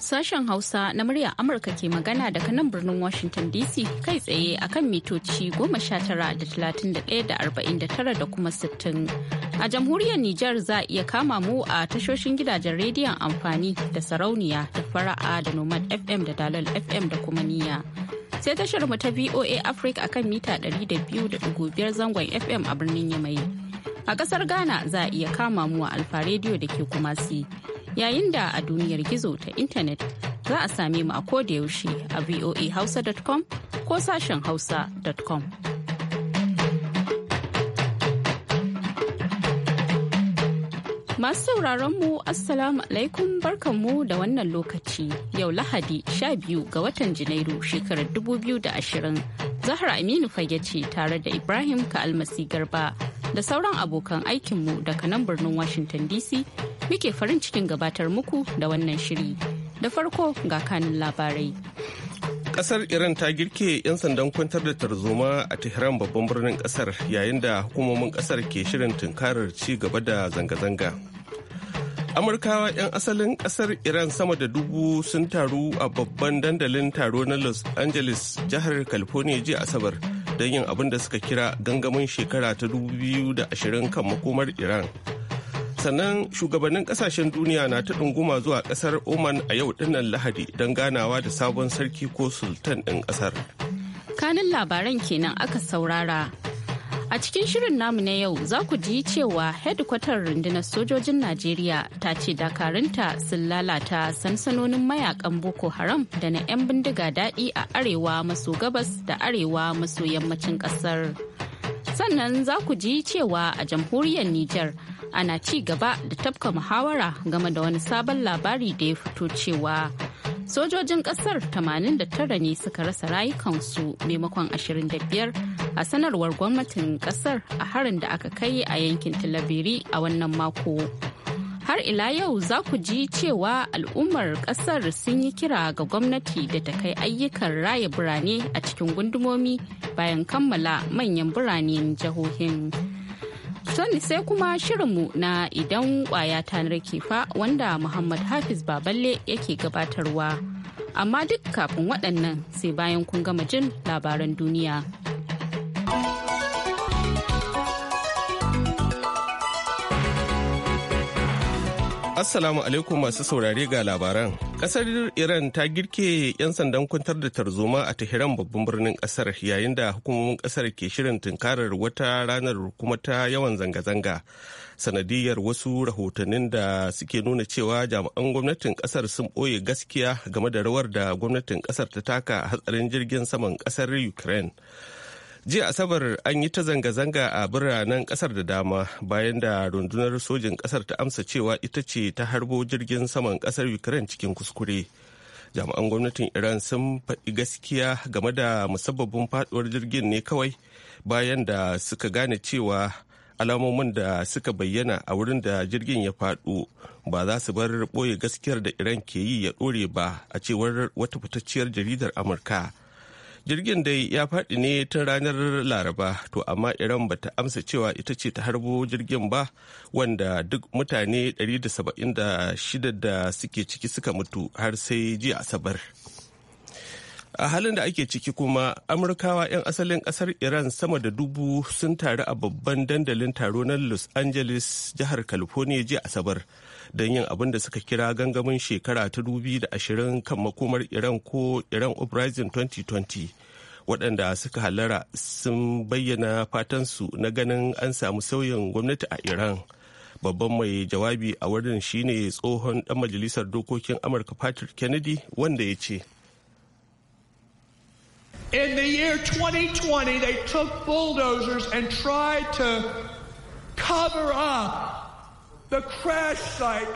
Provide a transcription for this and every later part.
Sashen Hausa na murya Amurka ke magana daga nan birnin Washington DC kai tsaye akan mitoci goma sha tara da kuma 60. A jamhuriyar Nijar za a iya kama mu a tashoshin gidajen rediyon amfani da sarauniya da fara'a da Nomad FM da Dalal FM da kuma niya Sai tashar mu ta VOA Africa akan mita 200.5 zangon FM a birnin Yamai. A kasar Ghana za a iya kama mu a Alfa Radio da ke Kumasi. yayin da a duniyar gizo ta intanet za a same mu a yaushe a voahausa.com ko sashen hausa.com. Masu sauraron mu Assalamu alaikum barkanmu da wannan lokaci yau Lahadi 12 ga watan Janairu shekarar 2020 Zahra Aminu fage ce tare da Ibrahim ka almasi Garba. da sauran abokan aikinmu daga nan birnin Washington DC muke farin cikin gabatar muku da wannan shiri. Da farko ga kanin labarai. Kasar Iran ta girke 'yan sandan kwantar da tarzoma a Tehran babban birnin kasar yayin da hukumomin kasar ke shirin tunkarar ci gaba da zanga-zanga. Amurkawa 'yan asalin kasar Iran sama da dubu sun taru a babban dandalin taro na Los Angeles jihar California jiya Asabar. don yin abin da suka kira gangamin shekara ta 2020 kan makomar iran sannan shugabannin kasashen duniya na ta ɗunguma zuwa ƙasar oman a yau dinnan lahadi don ganawa da sabon sarki ko sultan ɗin ƙasar kanin labaran kenan aka saurara A cikin shirin namu na yau za ku ji cewa hedkwatar rundunar sojojin Najeriya ta ce dakarunta sun lalata sansanonin mayakan Boko Haram da na 'yan bindiga daɗi a arewa maso gabas da arewa maso yammacin ƙasar. Sannan za ku ji cewa a jamhuriyar Nijar ana ci gaba da tafka muhawara game da wani sabon labari da ya fito cewa sojojin ƙasar 89 ne suka rasa rayukansu maimakon 25 a sanarwar gwamnatin kasar a harin da aka kai a yankin talabiri a wannan mako har ila yau za ku ji cewa al'ummar kasar sun yi kira ga gwamnati da ta kai ayyukan raya birane a cikin gundumomi bayan kammala manyan biranen jihohin sani sai kuma shirinmu na idan kwaya ta fa wanda muhammad hafiz baballe yake gabatarwa amma duk kafin waɗannan sai bayan kun gama jin labaran duniya. Assalamu alaikum masu saurare ga labaran. Kasar Iran ta girke 'yan sandan kwantar da tarzoma a Tehran babban birnin kasar yayin da hukumomin kasar ke shirin tunkarar wata ranar kuma ta yawan zanga-zanga. Sanadiyar wasu rahotannin da suke nuna cewa jami'an gwamnatin kasar sun ɓoye gaskiya game da rawar da gwamnatin kasar ta taka a hatsarin jirgin saman kasar Ukraine. jiya asabar an yi ta zanga-zanga a biranen kasar da dama bayan da rundunar sojin kasar ta amsa cewa ita ce ta harbo jirgin saman kasar ukraine cikin kuskure jami'an gwamnatin iran sun faɗi gaskiya game da musabbabin faduwar jirgin ne kawai bayan da suka gane cewa alamomin da suka bayyana a wurin da jirgin ya fadu ba za su bar ɓoye gaskiyar da iran ke yi ya ɗore ba a cewar wata fitacciyar jaridar amurka jirgin dai ya faɗi ne ta ranar laraba to amma iran ba ta amsa cewa ita ce ta harbo jirgin ba wanda duk mutane 176 da suke ciki suka mutu har sai jiya asabar a halin da ake ciki kuma amurkawa 'yan asalin kasar iran sama da dubu sun taru a babban dandalin taro na los angeles jihar california jiya asabar don yin abin da suka kira gangamin shekara ta da ashirin kan makomar iran ko iran uprising 2020 waɗanda suka halara sun bayyana fatansu na ganin an samu sauyin gwamnati a iran babban mai jawabi a wurin shine tsohon dan majalisar dokokin amurka patrick kennedy wanda ya ce in the year 2020 they took bulldozers and tried to cover up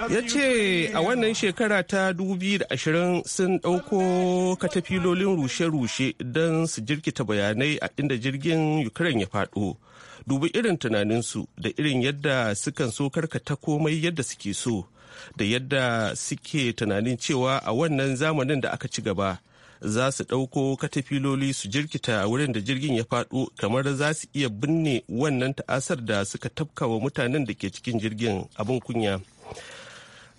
ya ce a wannan shekara ta 2020 sun ɗauko katafilolin rushe-rushe don su jirkita bayanai a inda jirgin ukraine ya faɗo dubi irin tunaninsu da irin yadda sukan so karkata komai yadda suke so da yadda suke tunanin cewa a wannan zamanin da aka ci gaba za su ɗauko katafiloli su jirkita wurin da jirgin ya faɗo kamar za su iya binne wannan ta'asar da suka tafka wa mutanen da ke cikin jirgin abin kunya.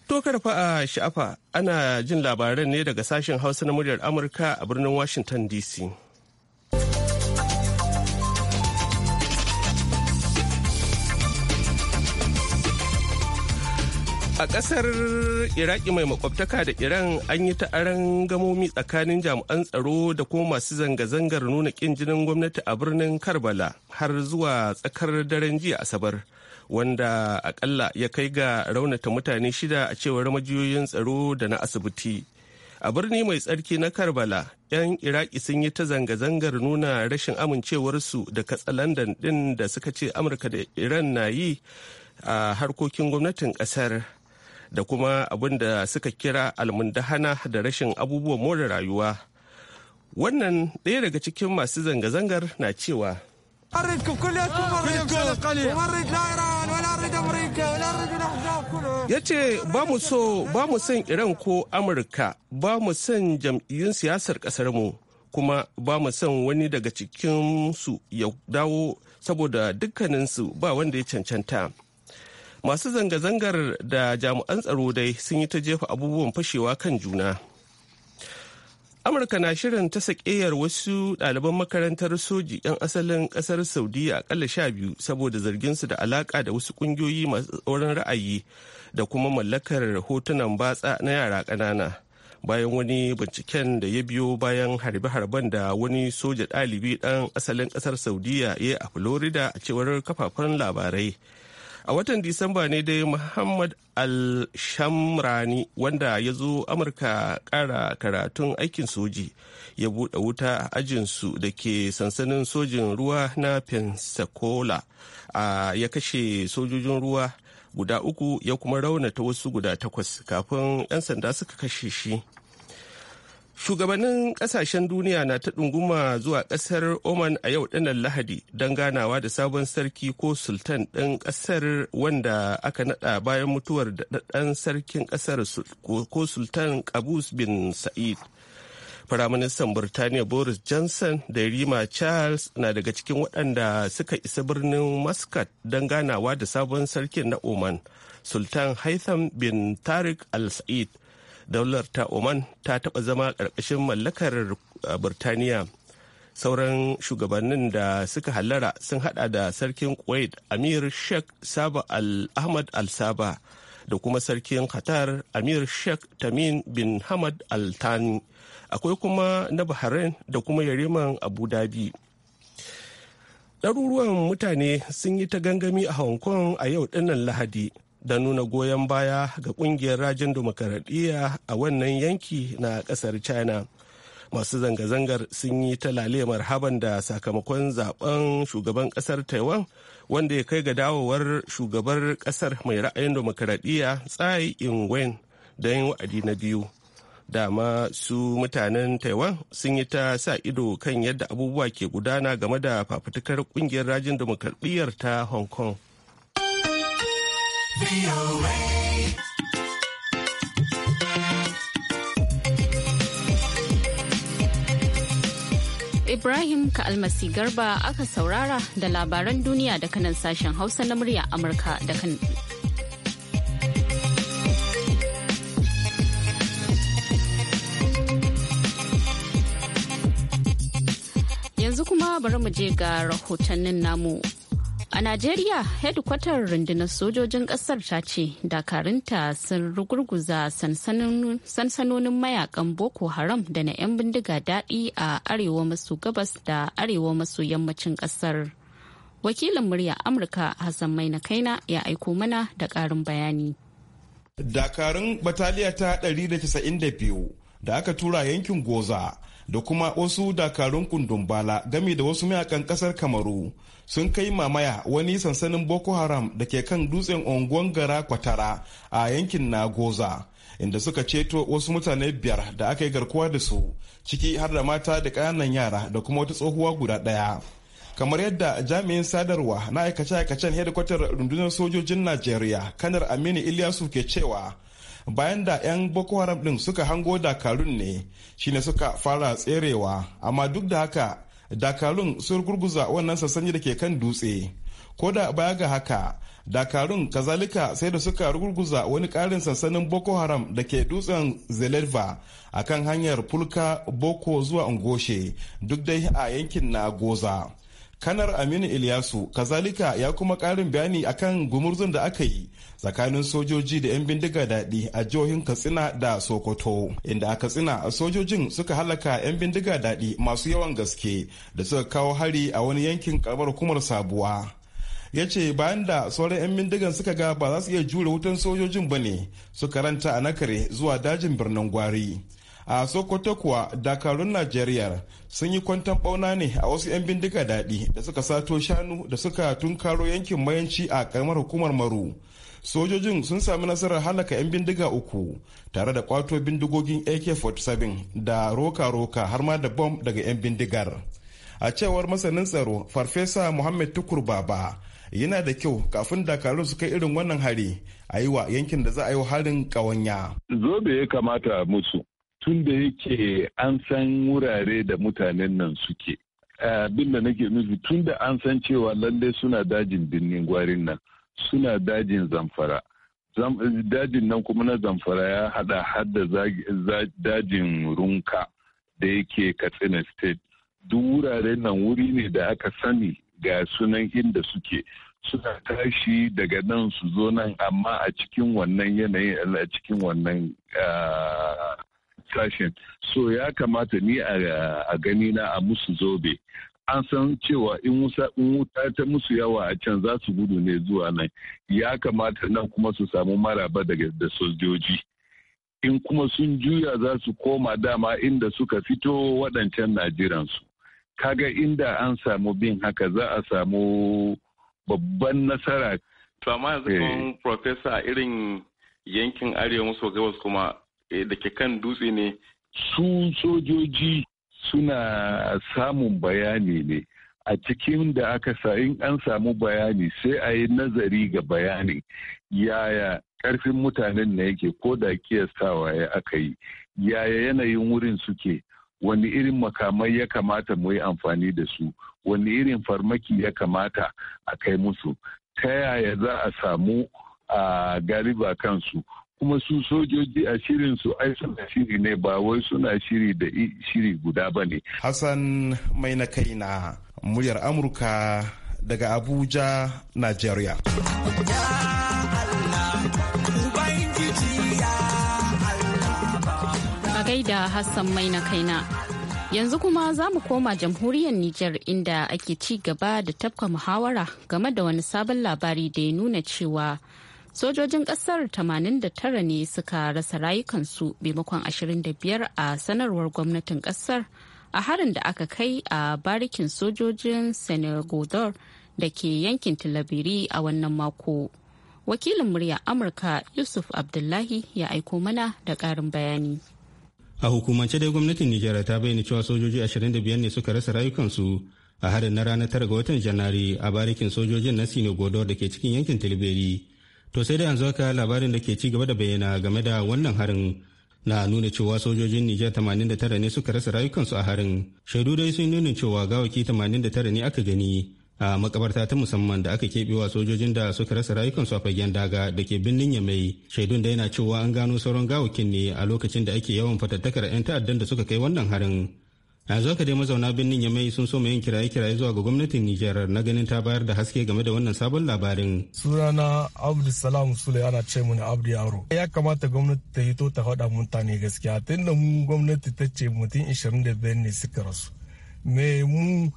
To karfa a sha'afa ana jin labaran ne daga sashen hausa na muryar Amurka a birnin Washington DC. A ƙasar Iraki mai makwabtaka da Iran an yi ta'aran gamomi tsakanin jami'an tsaro da kuma masu zanga-zangar nuna ƙin jinin gwamnati a birnin Karbala har zuwa tsakar daren jiya Asabar, wanda akalla ya kai ga raunata mutane shida a cewar majiyoyin tsaro da na asibiti. A birni mai tsarki na Karbala, 'yan Iraki sun yi ta zanga-zangar nuna rashin amincewarsu da katsalandan ɗin da suka ce Amurka da Iran na yi a harkokin gwamnatin ƙasar. da kuma abin da suka kira almundahana da rashin abubuwan more rayuwa wannan ɗaya daga cikin masu zanga-zangar na cewa ya ce ba mu so ba mu son iran ko amurka ba mu son jam'iyyun siyasar ƙasarmu kuma ba mu son wani daga cikinsu ya dawo saboda dukkaninsu ba wanda ya cancanta masu zanga-zangar da jami'an tsaro dai sun yi ta jefa abubuwan fashewa kan juna amurka na shirin ta sakeyar wasu ɗaliban makarantar soji 'yan asalin ƙasar saudiya aƙalla sha biyu saboda zarginsu da alaƙa da wasu ƙungiyoyi masu tsoron ra'ayi da kuma mallakar hotunan batsa na yara ƙanana bayan wani binciken da ya biyo bayan harbe-harben da wani soja ɗalibi ɗan asalin ƙasar saudiya ya yi a florida a cewar kafafen labarai a watan disamba ne dai muhammad al-shamrani wanda ya zo amurka kara karatun aikin soji ya buɗe wuta a ajinsu da ke sansanin sojin ruwa na pensacola ya kashe sojojin ruwa guda uku ya kuma raunata wasu guda takwas kafin 'yan sanda suka kashe shi Shugabannin kasashen duniya na ta ɗunguma zuwa ƙasar Oman a yau ɗanar Lahadi don ganawa da sabon sarki ko sultan ɗin ƙasar wanda aka naɗa bayan mutuwar daɗaɗɗen sarkin ƙasar ko sultan Qabus bin Sa'id. Firaministan Burtaniya Boris Johnson da Rima Charles na daga cikin waɗanda suka isa birnin Muscat don ganawa da sabon sarkin na Oman, Sultan Haitham bin Tariq Al-Sa'id. daular ta oman ta taɓa zama ƙarƙashin mallakar uh, birtaniya sauran shugabannin da suka hallara sun hada da sarkin kuwait amir sheikh saba al-ahmad al-saba da kuma sarkin qatar amir sheikh tamin bin hamad al-thani akwai kuma na bahrain da kuma yariman abu dhabi ɗaruruwan mutane sun yi ta gangami a hong kong a yau dinnan lahadi da nuna goyon baya ga kungiyar rajin demokaradiyya a wannan yanki na ƙasar china masu zanga-zangar sun yi ta lalemar marhaban da sakamakon zaben shugaban kasar taiwan wanda ya kai ga dawowar shugabar kasar mai ra'ayin demokaradiyya tsai in wen don wa'adi na biyu dama su mutanen taiwan sun yi ta sa ido kan yadda abubuwa ke gudana game da fafutukar kungiyar rajin demokaradiyyar ta hong kong Ibrahim ka Almasi Garba aka saurara da labaran duniya daga nan sashen Hausa na murya Amurka da kan Yanzu kuma bari mu je ga rahotannin namu. A Najeriya, hedkwatar rundunar sojojin kasar ta ce dakarunta sun rugurguza sansanonin mayakan Boko Haram da na 'yan bindiga daɗi a arewa maso gabas da arewa maso yammacin kasar Wakilin murya Amurka Hassan Maina Kaina ya aiko mana da ƙarin bayani. Dakarun bataliya ta 192 da aka tura yankin Goza da kuma wasu dakarun kundun bala gami da wasu mayakan kasar kamaru sun kai mamaya wani sansanin boko haram da ke kan dutsen unguwan gara kwatara a yankin nagoza inda suka ceto wasu mutane biyar da aka yi garkuwa da su ciki har da mata da ƙananan yara da kuma wata tsohuwa guda ɗaya kamar yadda jami'in sadarwa na aikace-aikacen hedikwatar rundunar sojojin najeriya kanar aminu ilyasu ke cewa bayan da 'yan boko haram ɗin suka hango dakarun ne shine suka fara tserewa amma duk da haka dakarun sun gurguza wannan sassani da ke kan dutse ko da baya ga haka dakarun kazalika sai da suka rugurguza wani karin sansanin boko haram da ke dutsen zelerva a kan hanyar fulka boko zuwa ungoshe duk dai a yankin na goza kanar aminu ilyasu kazalika ya kuma karin bayani akan gumurzun da aka yi tsakanin sojoji da 'yan bindiga daɗi a jihohin katsina da sokoto inda a katsina sojojin suka halaka 'yan bindiga daɗi masu yawan gaske da suka kawo hari a wani yankin karbar kumar sabuwa ya ce bayan da sauran 'yan bindigan suka ga ba za su iya jure wutan sojojin ba ne suka ranta a nakare zuwa dajin birnin gwari a sokoto kuwa dakarun najeriya sun yi kwantan bauna ne a wasu 'yan bindiga daɗi da suka sato shanu da suka tunkaro yankin mayanci a karamar hukumar maru sojojin sun sami nasarar halaka 'yan bindiga uku tare da kwato bindigogin ak-47 da roka-roka har ma da bom daga 'yan bindigar a cewar masanin tsaro farfesa muhammad tukur baba yana da kyau kafin dakarun su kai irin wannan hari a yi wa yankin da za a yi wa harin ƙawanya. zobe ya kamata musu tun da yake an san wurare da mutanen nan suke abin da nake nufi tun da an san cewa lallai suna dajin birnin gwarin nan suna dajin zamfara dajin nan kuma na zamfara ya hada hada dajin runka da yake katsina state duk wurare nan wuri ne da aka sani ga sunan inda suke suna tashi daga nan su zo nan amma a cikin wannan yanayin a cikin wannan ah, sashen so ya kamata ni a gani na a musu zobe an san cewa in wuta ta musu yawa a can za su gudu ne zuwa nan ya kamata nan kuma su samu maraba daga da sojoji in kuma sun juya za su koma dama inda suka fito waɗancan najiransu kaga inda an samu bin haka za a samu babban nasara to amma yanzu eh. profesa irin yankin arewa maso gabas kuma Eh, da ke kan dutse ne su sojoji suna samun bayani ne a cikin da aka sa in an samu bayani sai a yi nazari ga bayani. yaya karfin mutanen na yake ko da kiyastawa ya aka yi yaya yanayin wurin suke wani irin makamai ya kamata mu yi amfani da su wani irin farmaki ya kamata a kai musu ta yaya za a samu a galiba kansu kuma su sojoji a shirin su ai suna shiri ne ba wai suna shiri da shiri guda ba ne. Hassan mai na kai na muryar Amurka daga Abuja, Nigeria. A gaida Hassan mai na kaina. Yanzu kuma za mu koma jamhuriyar Nijar inda ake ci gaba da tafka muhawara game da wani sabon labari da ya nuna cewa sojojin kasar 89 ne suka rasa rayukansu maimakon 25 a sanarwar gwamnatin kasar a harin da aka kai a barikin sojojin senegodor da ke yankin tilabiri a wannan mako wakilin murya amurka yusuf abdullahi ya aiko mana da karin bayani a hukumance dai gwamnatin nijar ta bayyana cewa sojoji 25 ne suka rasa rayukansu a harin na ranar 9 ga watan janairu a barikin sojojin na senegodor da ke cikin yankin tilabiri to sai dai yanzu haka labarin da ke ci gaba da bayyana game da wannan harin na nuna cewa sojojin Nijar 89 ne suka rasa rayukansu a harin. Shaidu dai sun nuna cewa gawaki 89 ne aka gani a makabarta ta musamman da aka keɓewa sojojin da suka rasa rayukansu a fagen daga da ke birnin Yamai. Shaidun da yana cewa an gano sauran gawakin ne a lokacin da ake yawan fatattakar 'yan ta'addan da suka kai wannan harin. zo ka dai mazauna birnin yamai sun so yin kiraye-kiraye zuwa ga gwamnatin nijar na ganin ta bayar da haske game da wannan sabon labarin sunana abdu salam sule ana ce mu abdu yaro ya kamata gwamnati ta hito ta faɗa mutane gaskiya tunda mu gwamnati ta ce mutum 25 ne suka rasu me mu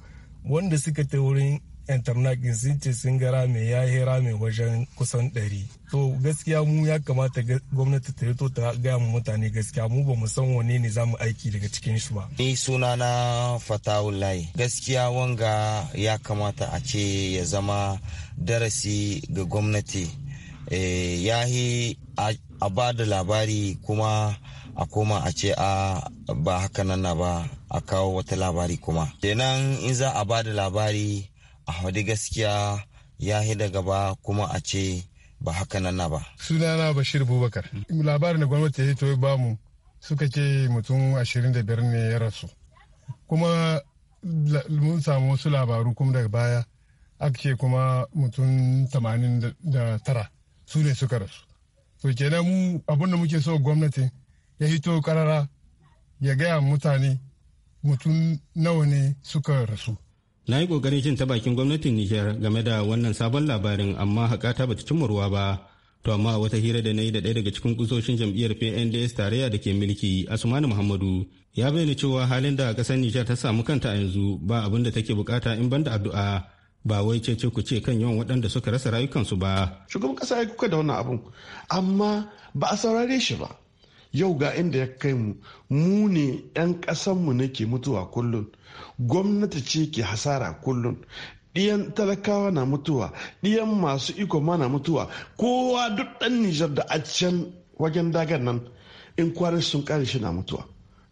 wanda suka ta wurin 'yan tarnakin sun ce sun ga rame ya yi rame wajen kusan ɗari. To gaskiya mu ya kamata gwamnati ta to ta gaya mu mutane gaskiya mu ba mu san wane ne za mu aiki daga cikin shi ba. Ni suna na fatawulai gaskiya wanga ya kamata a ce ya zama darasi ga gwamnati. Eh, ya yi a ba da labari kuma a koma a ce a ba haka nan na ba a kawo wata labari kuma. Kenan in za a ba da labari a gaskiya ya daga gaba kuma a ce ba haka nan na ba. Sunana Bashir Bubakar. Labarin da gwamnati ya toyi bamu suka ce mutum ashirin da biyar ne ya rasu. Kuma mun samu wasu labaru kuma daga baya aka ce kuma mutum tamanin da tara su ne suka rasu. To kenan mu abinda muke so gwamnati ya hito karara ya gaya mutane mutum nawa ne suka rasu. na yi ƙoƙarin jin ta bakin gwamnatin nijar game da wannan sabon labarin amma haƙata bata cimma ruwa ba to amma wata hira da na yi da ɗaya daga cikin kusoshin jam'iyyar pnds tarayya da ke mulki asmanu muhammadu ya bayyana cewa halin da ƙasar nijar ta samu kanta a yanzu ba abin da take bukata in banda addu'a ba wai ce ku ce kan yawan waɗanda suka rasa rayukansu ba. Shugaban ƙasa ya kuka da wannan abun, amma ba a saurare shi ba. yau ga inda ya kai mu mu ne 'yan ƙasanmu ne ke mutuwa kullum gwamnati ce ke hasara kullum ɗiyan talakawa na mutuwa ɗiyan masu iko ma na mutuwa kowa duk ɗan nijar da a can wajen dagar nan in kwanan sun kare shi na mutuwa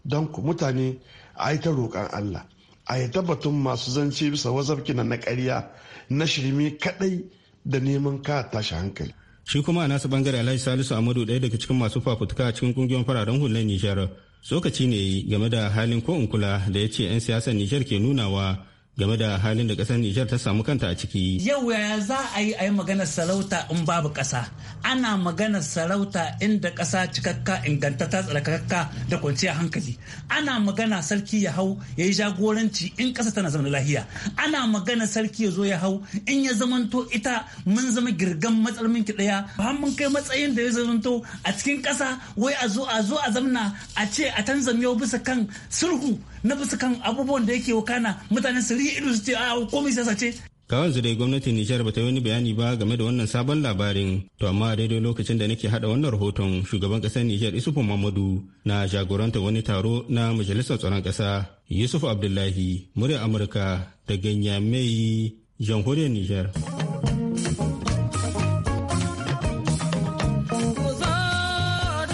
don ku mutane a yi ta roƙon allah a yi tabbatun masu zance bisa wazafkina na ƙarya na shirme kaɗai da neman ka tashi hankali shi kuma a nasa bangare alhaji salisu amadu ɗaya daga cikin masu fafutuka a cikin kungiyoyin fararen hular nijar tsokaci ne game da halin ko in kula da ya ce 'yan siyasar nijar ke nunawa game da halin da kasar Nijar ta samu kanta a ciki. Yau yaya za a yi a yi maganar sarauta in babu ƙasa? Ana maganar sarauta inda ƙasa cikakka ingantatta tsarkakakka da kwanciyar hankali. Ana magana sarki ya hau ya yi jagoranci in kasa tana zama lahiya. Ana magana sarki ya zo ya hau in ya zamanto ita mun zama girgan matsalmin ki ɗaya. Har mun kai matsayin da ya zamanto a cikin ƙasa wai a zo a zo a zamna a ce a yau bisa kan sulhu na bisa kan abubuwan da yake wakana mutane su riƙe ido su ce a ah, komai siyasa ce kawai dai gwamnatin Nijar bata wani bayani ba game da wannan sabon labarin. To amma daidai lokacin da nake hada wannan rahoton shugaban kasar Nijar Isufu mamadu na jagoranta wani taro na majalisar tsaron kasa Yusuf Abdullahi murya Amurka da ganya mai jamhuriyar Nijar.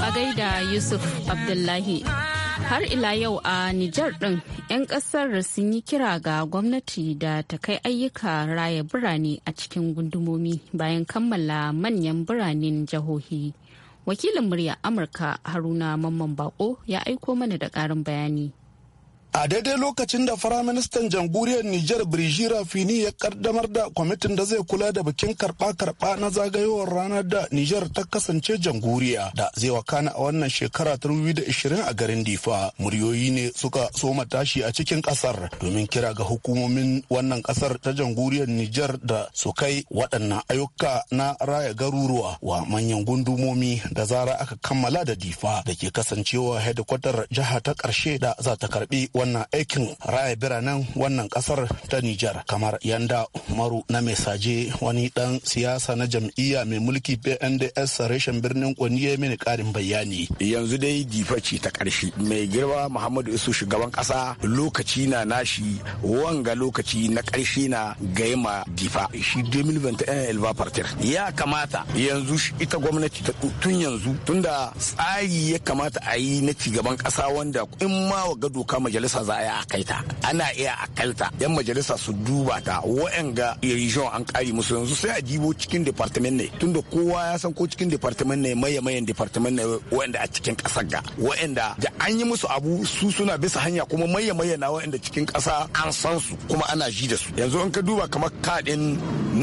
A gaida Yusuf Abdullahi har ila yau a Nijar ɗin 'yan ƙasar sun yi kira ga gwamnati da ta kai ayyuka raya birane a cikin gundumomi bayan kammala manyan biranen jihohi wakilin murya amurka haruna mamman bako ya aiko mana da ƙarin bayani a daidai lokacin da firaministan jamhuriyar nijar birji rafini ya kaddamar da kwamitin da zai kula da bikin karɓa-karɓa na zagayowar ranar da nijar ta kasance jamhuriya da zai wakana a wannan shekara ta ishirin a garin difa muryoyi ne suka soma tashi a cikin ƙasar, domin kira ga hukumomin wannan ƙasar ta jamhuriyar nijar da su kai waɗannan ayyuka na raya garuruwa wa manyan gundumomi da zara aka kammala da difa da ke kasancewa hedikwatar jiha ta ƙarshe da za karbi wannan aikin raya biranen wannan kasar ta Nijar kamar yanda Umaru na Mesaje wani dan siyasa na jam'iyya mai mulki PNDS reshen birnin Kwani ya mini karin bayani. Yanzu dai difa ce ta karshe Mai girma Muhammadu Isu shugaban kasa. lokaci na nashi wanga lokaci na karshe na gaima difa. Shi 2021 Elba Partir. Ya kamata yanzu ita gwamnati ta tun yanzu tunda tsari ya kamata a yi na cigaban kasa wanda in ma wa gado ka majalisa majalisa za a yi a kai ta ana iya a kai ta yan majalisa su duba ta ga region an kari musu yanzu sai a jibo cikin department ne tunda kowa ya san ko cikin department ne maye mayan department ne wa'anda a cikin kasar ga wa'anda da an yi musu abu su suna bisa hanya kuma maye maye na wa'anda cikin kasa an san su kuma ana ji da su yanzu in ka duba kamar kaɗin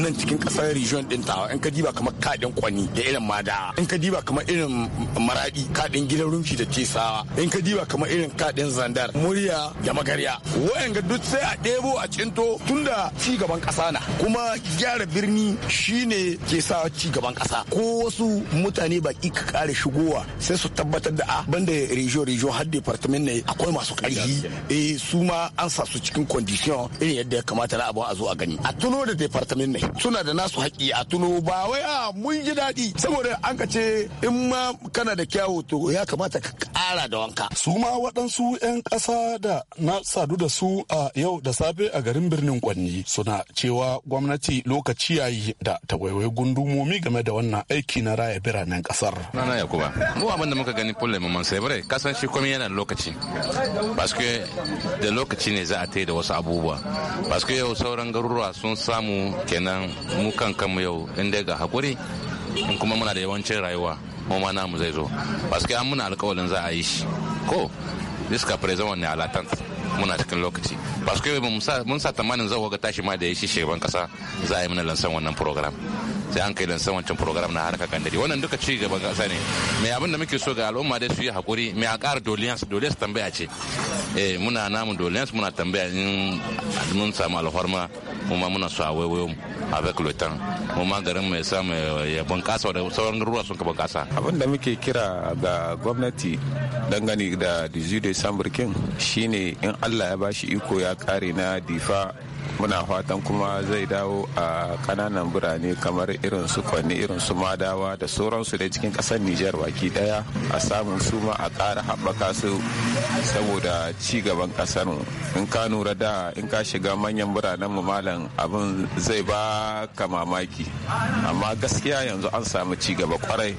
nan cikin kasar region din ta in ka diba kamar kaɗin kwani da irin mada in ka diba kamar irin maradi kaɗin gidan rumfi da cesawa in ka diba kamar irin kaɗin zandar murya da magarya wayanga duk sai a ɗebo a cinto tunda ci gaban ƙasa na kuma gyara birni shine ke sa ci gaban ƙasa ko wasu mutane baki ka kare shigowa sai su tabbatar da a ah, banda region region har department ne akwai masu ƙarfi eh su ma an sa su cikin condition irin yadda ya kamata na abu a zo a gani a tuno da department ne suna da nasu haƙƙi a tuno ba wai a ah, mun ji daɗi saboda an ka ce in ma kana da kyawu to ya kamata ka ƙara da wanka su ma waɗansu 'yan ƙasa da na sadu da su a yau da safe a garin birnin Kwanni suna cewa gwamnati lokaci ya yi da ta waiwai gundumomi game da wannan aiki na raya biranen kasar. Nana Yakuba, mu abin da muka gani fulle mamman sai bare kasan shi komai yana lokaci. Baske da lokaci ne za a tai da wasu abubuwa. Baske yau sauran garuruwa sun samu kenan mu kan kanmu yau inda ga hakuri in kuma muna da yawancin rayuwa mu ma namu zai zo. Baske an muna alkawalin za a yi shi. Ko jusqu'à présent on est à l'attente muna cikin lokaci parce que mun sa tamanin zai ga tashi ma da ya shi shugaban kasa za a yi mana lansan wannan program sai an kai lansan wancan program na harkar kandari wannan duka ci gaba kasa ne mai abin da muke so ga al'umma dai su yi hakuri mai a ƙara doliyans doliyans tambaya ce eh muna namu doliyans muna tambaya in mun samu alfarma kuma muna so a waiwayo mu avec le temps kuma garin mai samu ya bunƙasa da sauran ruwa sun ka bunƙasa abin da muke kira ga gwamnati dangane da 18 December shine in Allah ya bashi iko ya kare na difa muna fatan kuma zai dawo a kananan birane kamar irin su kwanne irin su madawa da sauransu da cikin kasar nijar baki daya a samun suma a kara haɓaka su saboda cigaban kasar in ka nura da in ka shiga manyan biranen mu malam abin zai ba ka mamaki amma gaskiya yanzu an samu cigaba kwarai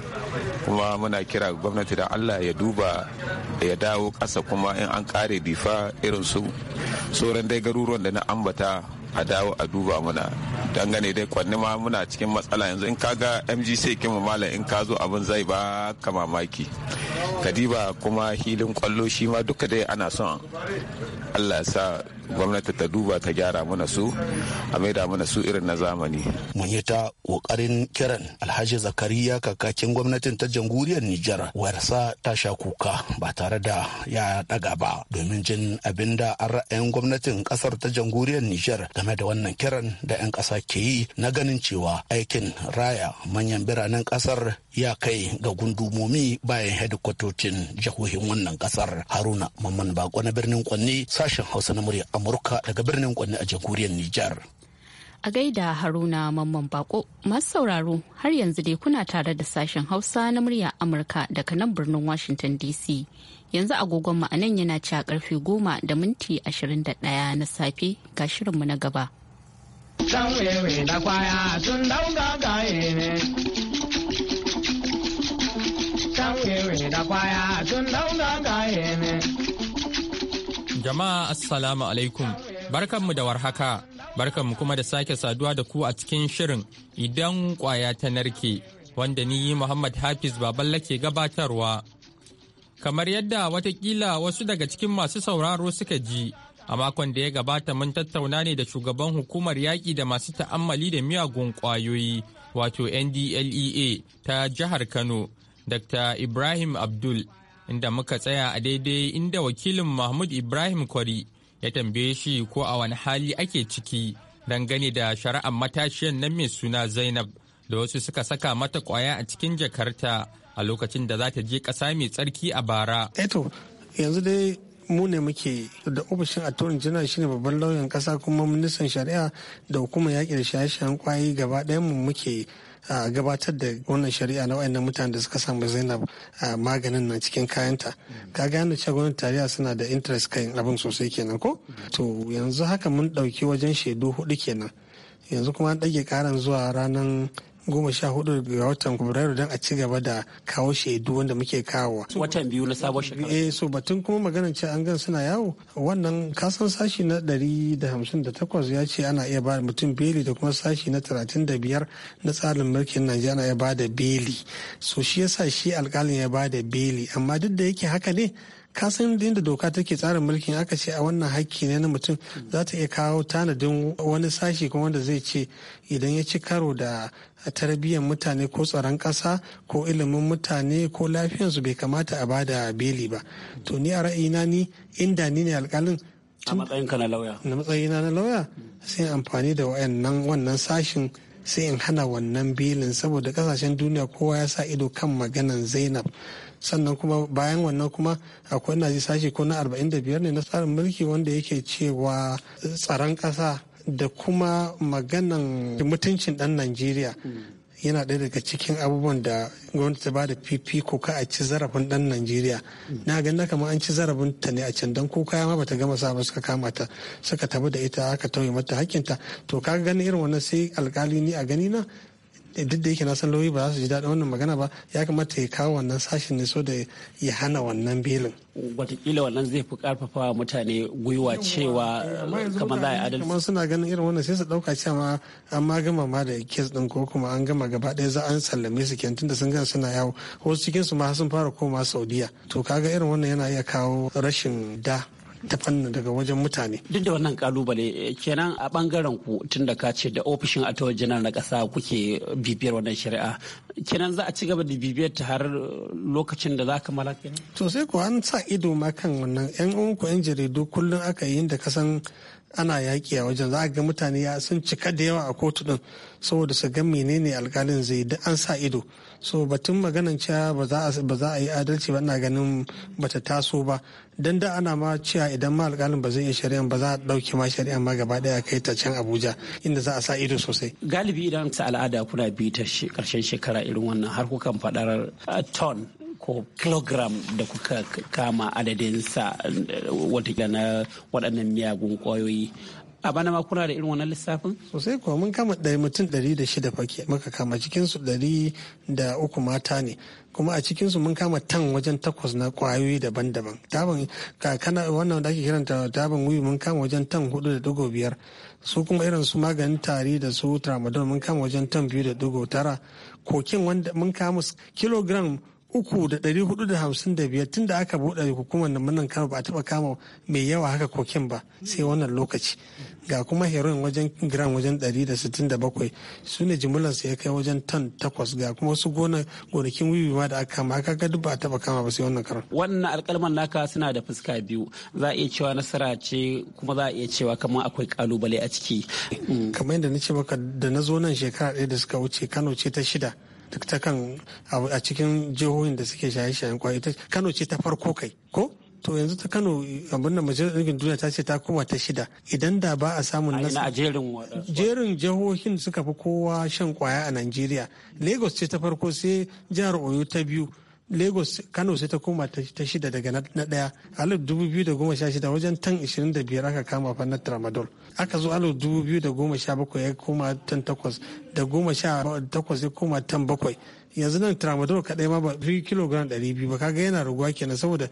kuma muna kira gwamnati da allah ya duba ya dawo kasa kuma in an kare difa irin su sauran dai garuruwan da na ambata a dawo a duba muna dangane dai kwanne ma muna cikin matsala yanzu in kaga mgc kima malam in ka zo abin zai ba ka mamaki kadiba kuma hilin kwallo shi ma duka dai ana son allah sa gwamnati ta duba ta gyara mana su a maida mana su irin na zamani mun yi ta kokarin kiran alhaji zakariya kakakin gwamnatin ta jamhuriyar nijar warsa ta sha kuka ba tare da ya daga ba domin jin abin da an ra'ayin gwamnatin ƙasar ta jamhuriyar nijar game da wannan kiran da 'yan kasa ke yi na ganin cewa aikin raya manyan biranen kasar ya kai ga gundumomi bayan hedikwatocin jihohin wannan ƙasar haruna mamman bako na birnin Kwanni sashen hausa na murya Amurka daga birnin Kwanne a jamhuriyar Nijar. A gaida Haruna Mamman Bako masu sauraro har yanzu dai kuna tare da sashen Hausa na murya Amurka daga nan birnin Washington DC. Yanzu agogon a nan yana ci a karfe goma da minti ɗaya na safe ga shirinmu na gaba. da uh, sun Jama'a Assalamu alaikum. Barkanmu da warhaka. Barkanmu kuma da sake saduwa da ku a cikin shirin idan kwaya ta narke wanda ni Muhammad Hafiz Baballa ke gabatarwa. Kamar yadda watakila wasu daga cikin masu sauraro suka ji, a makon da ya gabata mun tattauna ne da shugaban hukumar yaƙi da masu ta'ammali da miyagun ƙwayoyi wato NDLEA ta jihar Kano, Dr. Ibrahim Abdul. inda muka tsaya a daidai inda wakilin Mahmud Ibrahim Kwari ya tambaye shi ko a wani hali ake ciki gani da shari'ar matashiyan nan mai suna Zainab da wasu suka saka mata kwaya a cikin jakarta a lokacin da za ta je ƙasa mai tsarki a bara. Eto, eh yanzu dai mu ne muke da ofishin attorney general shine babban lauyan kasa kuma ministan shari'a da hukumar yaƙi da shaye-shayen kwayi gaba ɗayan mu muke gabatar da wannan shari'a na wayannan mutane da suka samu zainab maganin nan cikin kayanta ka gane cewa gwamnatin tarayya suna da interest kan abin sosai kenan ko to yanzu haka mun ɗauki wajen shaidu hudu kenan yanzu kuma an ɗage karan zuwa ranar goma sha hudu ga watan fabrairu don a ci gaba da kawo shaidu wanda muke kawo. watan biyu na sabon shekara eh so batun kuma maganar ce an gan suna yawo wannan kasan sashi na ɗari da hamsin da takwas ya ce ana iya ba mutum beli da kuma sashi na talatin da biyar na tsarin mulkin najeriya ana iya ba da beli so shi yasa shi alkalin ya ba da beli amma duk da yake haka ne ka san da doka take tsarin mulkin aka ce a wannan hakki ne na mutum za ta iya kawo tanadin wani sashi kuma wanda zai ce idan ya ci karo da tarbiyyar mutane ko tsaron ƙasa ko ilimin mutane ko lafiyarsu bai kamata a bada beli ba to ni a ra'ayina ni inda ni ne alƙalin a matsayinka na lauya na matsayina na lauya sai amfani da wayannan wannan sashin sai in hana wannan belin saboda kasashen duniya kowa ya sa ido kan maganan zainab sannan kuma bayan wannan kuma akwai na sashe sashi ko na 45 ne na tsarin mulki wanda yake cewa tsaron kasa. da kuma maganan mutuncin dan najeriya yana ɗaya daga cikin abubuwan da gwamnati ta ba da fifiko ka a ci zarafin ɗan najeriya na ga na kamar an ci zarafin ta ne a can don ko kaya ma bata gama sa ba suka kama ta suka tabu da ita aka tauye mata hakkinta to ka ganin irin wannan sai alkali ni a gani na Eh, duk da yake na san lauyi ba za su ji daɗin wannan magana ba ya kamata ya kawo wannan sashen ne so da ya hana wannan belin watakila wannan zai fi karfafa mutane gwiwa cewa eh, kamar za a yi adalci kamar suna ganin irin wannan sai su ɗauka cewa an ma gama ma da kes ɗin ko kuma an gama gaba ɗaya za an sallame su kenan tunda sun gana suna yawo wasu cikin su ma sun fara koma saudiya to kaga irin wannan yana iya kawo rashin da ta fannin daga wajen mutane. Duk da wannan kalubale eh, kenan a bangaren ku tun da ka ce da ofishin attorney general na kasa kuke bibiyar wannan shari'a kenan za a ci gaba da bibiyar ta har eh, lokacin da za ka mala kenan. To sai ko an sa ido ma kan wannan yan uwanku yan jaridu kullum aka yi da kasan ana yaƙi a wajen za a ga mutane ya sun cika da yawa a kotu din saboda su ga menene alkalin zai da an sa ido. so batun maganan cewa ba za a yi adalci ba ina ganin bata taso ba don da ana ma cewa idan ma alƙalin ba zai iya shari'an ba za a ɗauke ma shari'an ma gaba ɗaya kai ta can abuja inda za a sa ido sosai galibi idan ta al'ada kuna bi ta karshen shekara irin wannan har kukan faɗar ton ko kilogram da kuka kama adadinsa eh, wata na waɗannan miyagun ƙwayoyi a bana ma kuna da irin wannan lissafin sosai kuwa mun kama ɗari mutum ɗari da shida fake muka kama cikinsu ɗari da uku mata ne kuma a cikinsu mun kama tan wajen takwas na kwayoyi daban-daban taban kakana wannan da ake kiranta taban wuyu mun kama wajen tan hudu da dugo biyar su kuma irin su maganin tari da su tramadol mun kama wajen tan biyu da dugo tara kokin wanda mun kama kilogram uku da tun da aka buɗe hukumar nan kama ba a taɓa kama mai yawa haka kokin ba sai wannan lokaci ga kuma heroin wajen gram wajen 167 da sittin su ne ya kai wajen ton takwas ga kuma wasu gonakin wiwi ma da aka kama aka gadu ba a taɓa kama ba sai wannan karan. wannan alkalman naka suna da fuska biyu za a iya cewa nasara ce kuma za a iya cewa kamar akwai kalubale a ciki. kamar yadda na ce maka da na zo nan shekara ɗaya da suka wuce kano ce ta shida. duk ta kan a cikin jihohin da suke shaye-shayen kwaya ita kano ce ta farko kai ko to yanzu ta kano abin da majalisar ɗinkin duniya ta ce ta koma ta shida idan da ba a samun nasa jerin jihohin suka fi kowa shan kwaya a najeriya lagos ce ta farko sai jihar oyo ta biyu lagos kano sai ta koma ta shida daga na daya alif dubu biyu da goma sha shida wajen tan ishirin da biyar aka kama fannin tramadol aka zo alif dubu biyu da goma sha bakwai ya koma tan takwas da goma sha takwas ya koma tan bakwai yanzu nan tramadol kaɗai ma ba fi kilogram ɗari biyu ba kaga yana raguwa kenan saboda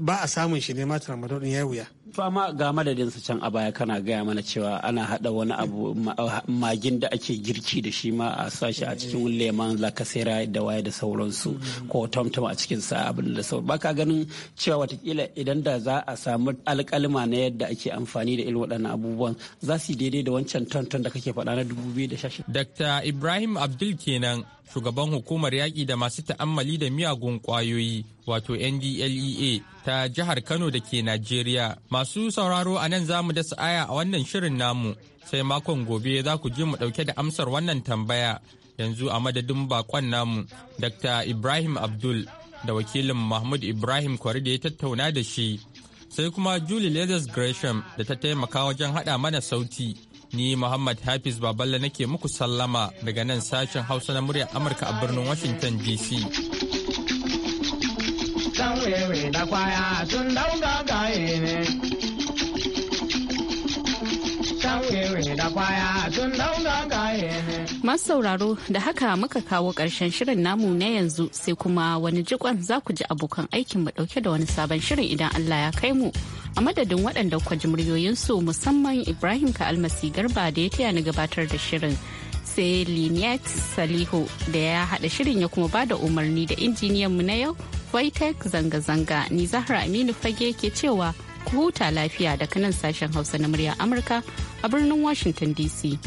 ba a samun shi ne ma tramadol ɗin ya wuya. to ga madadin su can a baya kana gaya mana cewa ana haɗa wani abu magin da ake girki da shi ma a sashi a cikin leman lakasera da waye da sauransu ko tamtam a cikin sa abin da sauran ba ka ganin cewa watakila idan da za a samu alkalma na yadda ake amfani da irin waɗannan abubuwan za su daidai da wancan tantan da kake faɗa na dubu biyu da shashi. Dr. Ibrahim Abdul kenan shugaban hukumar yaƙi da masu ta'ammali da miyagun ƙwayoyi wato ndlea ta jihar kano da ke najeriya masu sauraro a nan za mu dasa aya a wannan shirin namu sai makon gobe za ku ji mu ɗauke da amsar wannan tambaya yanzu a madadin bakon namu dr ibrahim abdul da wakilin mahmud ibrahim kwari da ya tattauna da shi sai kuma julie leathers gresham da ta taimaka wajen haɗa mana sauti Ni Muhammad Hafiz Baballa nake muku sallama daga nan sashen Hausa na muryar Amurka a birnin Washington DC. Dan wewe da kwaya sun dauga gaye ne. Masu sauraro da haka muka kawo ƙarshen shirin namu na yanzu sai kuma wani jikon za ku ji abokan aikin mu ɗauke da wani sabon shirin idan Allah ya kai mu. A madadin waɗanda kwa ji musamman Ibrahim ka almasi garba da ya taya ni gabatar da shirin. Sai Liniat Salihu da ya haɗa shirin ya kuma bada umarni da injiniyan mu na yau, Vitek zanga-zanga ni Zahra Aminu Fage ke cewa ku huta lafiya daga nan sashen hausa na murya amurka a birnin washington dc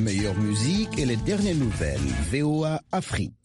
la meilleure musique et les dernières nouvelles. VOA Afrique.